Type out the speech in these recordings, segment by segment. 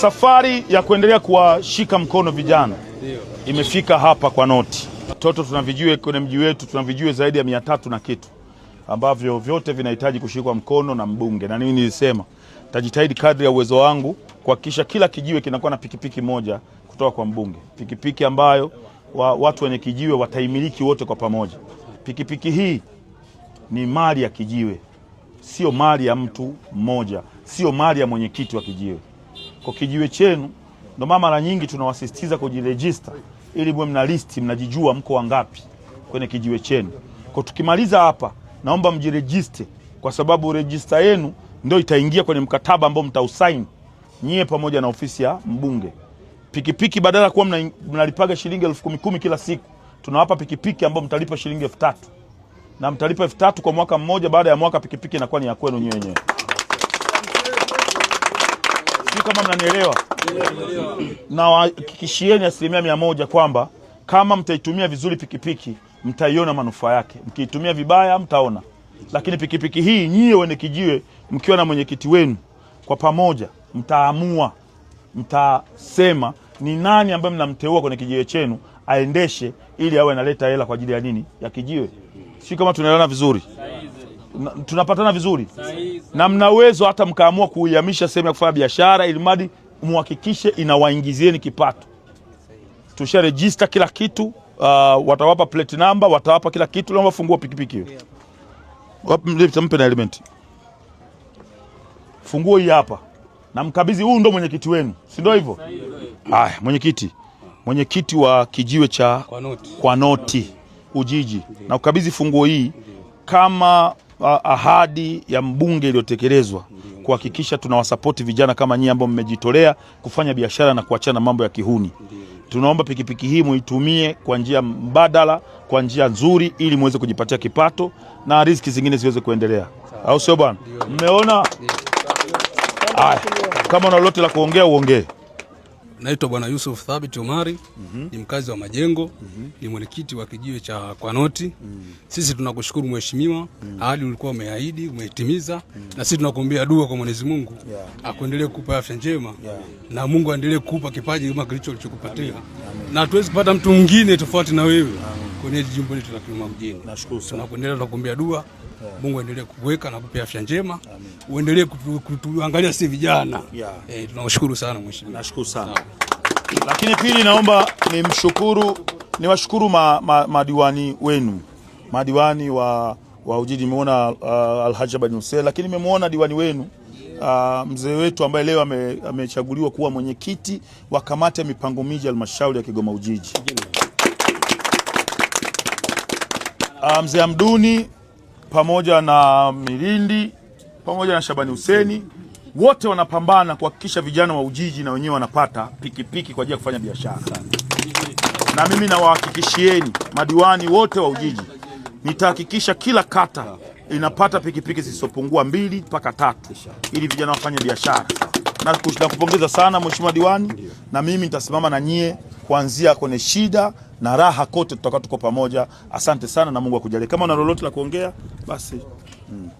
Safari ya kuendelea kuwashika mkono vijana imefika hapa kwa noti. Toto tunavijue kwenye mji wetu tunavijue zaidi ya mia tatu na kitu ambavyo vyote vinahitaji kushikwa mkono na mbunge, na mimi nilisema tajitahidi kadri ya uwezo wangu kuhakikisha kila kijiwe kinakuwa na pikipiki moja kutoka kwa mbunge, pikipiki ambayo wa watu wenye kijiwe wataimiliki wote kwa pamoja. Pikipiki hii ni mali ya kijiwe, sio mali ya mtu mmoja, sio mali ya mwenyekiti wa kijiwe kwa kijiwe chenu. Ndo maana mara nyingi tunawasisitiza kujirejista ili mwe mna listi, mnajijua mko wangapi kwenye kijiwe chenu. Kwa tukimaliza hapa, naomba mjirejiste, kwa sababu rejista yenu ndio itaingia kwenye mkataba ambao mtausaini nyie pamoja na ofisi ya mbunge. Pikipiki badala ya kuwa mnalipaga shilingi elfu kumi kumi kila siku, tunawapa pikipiki ambao mtalipa shilingi elfu tatu na mtalipa elfu tatu kwa mwaka mmoja. Baada ya mwaka pikipiki inakuwa ni ya kwenu nyinyi wenyewe. Sijui kama mnanielewa. Nawahakikishieni asilimia mia moja kwamba kama mtaitumia vizuri pikipiki mtaiona manufaa yake, mkiitumia vibaya mtaona. Lakini pikipiki hii nyie wenye kijiwe, mkiwa na mwenyekiti wenu, kwa pamoja mtaamua, mtasema ni nani ambaye mnamteua kwenye kijiwe chenu aendeshe, ili awe analeta hela kwa ajili ya nini, ya kijiwe. Sijui kama tunaelewana vizuri, tunapatana vizuri na mna uwezo hata mkaamua kuihamisha sehemu ya kufanya biashara, ili mradi muhakikishe inawaingizieni kipato. Tusharejista kila kitu uh, watawapa plate number, watawapa kila kitu. Naomba fungua pikipiki hiyo Mpe na element, funguo hii hapa na mkabidhi. Huyu ndo mwenyekiti wenu, si ndio hivyo? Haya, mwenyekiti mwenyekiti wa kijiwe cha kwa noti, Ujiji, na ukabidhi funguo hii kama ahadi ya mbunge iliyotekelezwa kuhakikisha tunawasapoti vijana kama nyinyi ambao mmejitolea kufanya biashara na kuachana mambo ya kihuni. Tunaomba pikipiki hii muitumie kwa njia mbadala, kwa njia nzuri, ili muweze kujipatia kipato na riziki zingine ziweze kuendelea, au sio bwana? Mmeona haya, kama una lolote la kuongea uongee. Naitwa Bwana Yusuf Thabit Omari mm -hmm. ni mkazi wa Majengo mm -hmm. ni mwenyekiti wa kijiwe cha Kwanoti mm -hmm. Sisi tunakushukuru mheshimiwa, mm -hmm. ahadi ulikuwa umeahidi umeitimiza, mm -hmm. na sisi tunakuombea dua kwa Mwenyezi Mungu yeah. akuendelee kukupa afya njema yeah. na Mungu aendelee kukupa kipaji kama kilicho ulichokupatia, na hatuwezi kupata mtu mwingine tofauti na wewe Amen kwenye hili jimbo letu la Kilima mjini. Nashukuru sana. Tunakuendelea tunakuombea dua. Mungu endelee kukuweka na kukupa afya njema. Amen. Uendelee kutuangalia sisi vijana. Yeah. Eh, tunawashukuru sana mheshimiwa. Nashukuru sana. Lakini pili naomba nimshukuru niwashukuru ma, ma, madiwani wenu madiwani wa wa Ujiji nimeona uh, Alhaji Abadi Hussein, lakini nimemwona diwani wenu uh, mzee wetu ambaye leo amechaguliwa kuwa mwenyekiti wa kamati ya mipango miji halmashauri ya Kigoma Ujiji. Ah, Mzee Amduni pamoja na Milindi pamoja na Shabani Huseni wote wanapambana kuhakikisha vijana wa Ujiji na wenyewe wanapata pikipiki kwa ajili ya kufanya biashara, na mimi nawahakikishieni madiwani wote wa Ujiji nitahakikisha kila kata inapata pikipiki zisizopungua mbili mpaka tatu ili vijana wafanye biashara. Na nakupongeza sana mheshimiwa diwani, na mimi nitasimama na nyie kuanzia kwenye shida na raha kote, tutakuwa tuko pamoja. Asante sana na Mungu akujalie. Kama una lolote la kuongea basi mm.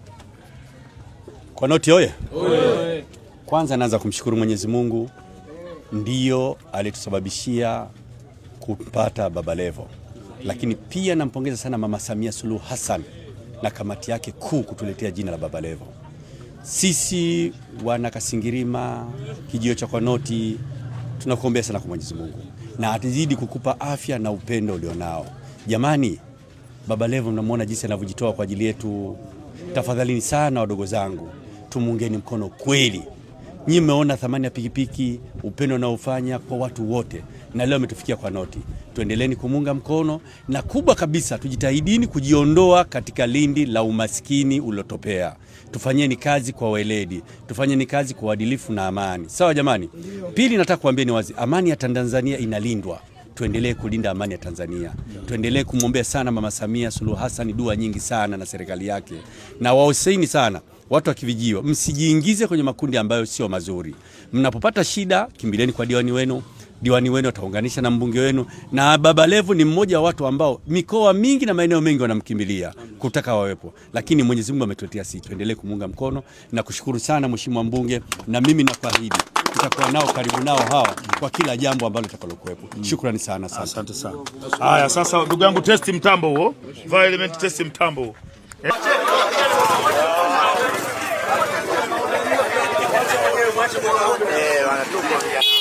Kwa noti oye, oye. Kwanza naanza kumshukuru Mwenyezi Mungu ndiyo alitusababishia kupata Baba Levo, lakini pia nampongeza sana Mama Samia Suluhu Hassan na kamati yake kuu kutuletea jina la Baba Levo. Sisi wana Kasingirima, kijio cha Kwanoti, tunakuombea sana kwa Mwenyezi Mungu na atazidi kukupa afya na upendo ulionao. Jamani, Baba Levo mnamwona jinsi anavyojitoa kwa ajili yetu. Tafadhalini sana wadogo zangu, tumuungeni mkono kweli nyi mmeona thamani ya pikipiki, upendo unaofanya kwa watu wote, na leo ametufikia kwa noti. Tuendeleeni kumuunga mkono, na kubwa kabisa, tujitahidini kujiondoa katika lindi la umaskini uliotopea. Tufanyeni kazi kwa weledi, tufanyeni kazi kwa uadilifu na amani, sawa jamani? Pili, nataka kuambieni wazi, amani ya Tanzania inalindwa tuendelee kulinda amani ya Tanzania, tuendelee kumwombea sana Mama Samia Suluhu Hassan, dua nyingi sana na serikali yake, na wahusaini sana watu wa kivijio msijiingize kwenye makundi ambayo sio mazuri. Mnapopata shida, kimbileni kwa diwani wenu diwani wenu ataunganisha na mbunge wenu, na Baba Levo ni mmoja wa watu ambao mikoa mingi na maeneo mengi wanamkimbilia kutaka wawepo, lakini Mwenyezi Mungu ametuletea sisi, tuendelee kumuunga mkono na kushukuru sana mheshimiwa mbunge, na mimi nakuahidi tutakuwa nao karibu nao hawa kwa kila jambo ambalo litakalokuwepo. Mm. Shukrani sana sana, asante sana. Haya, sasa ndugu yangu, test mtambo huo, violent test mtambo huo. Eh,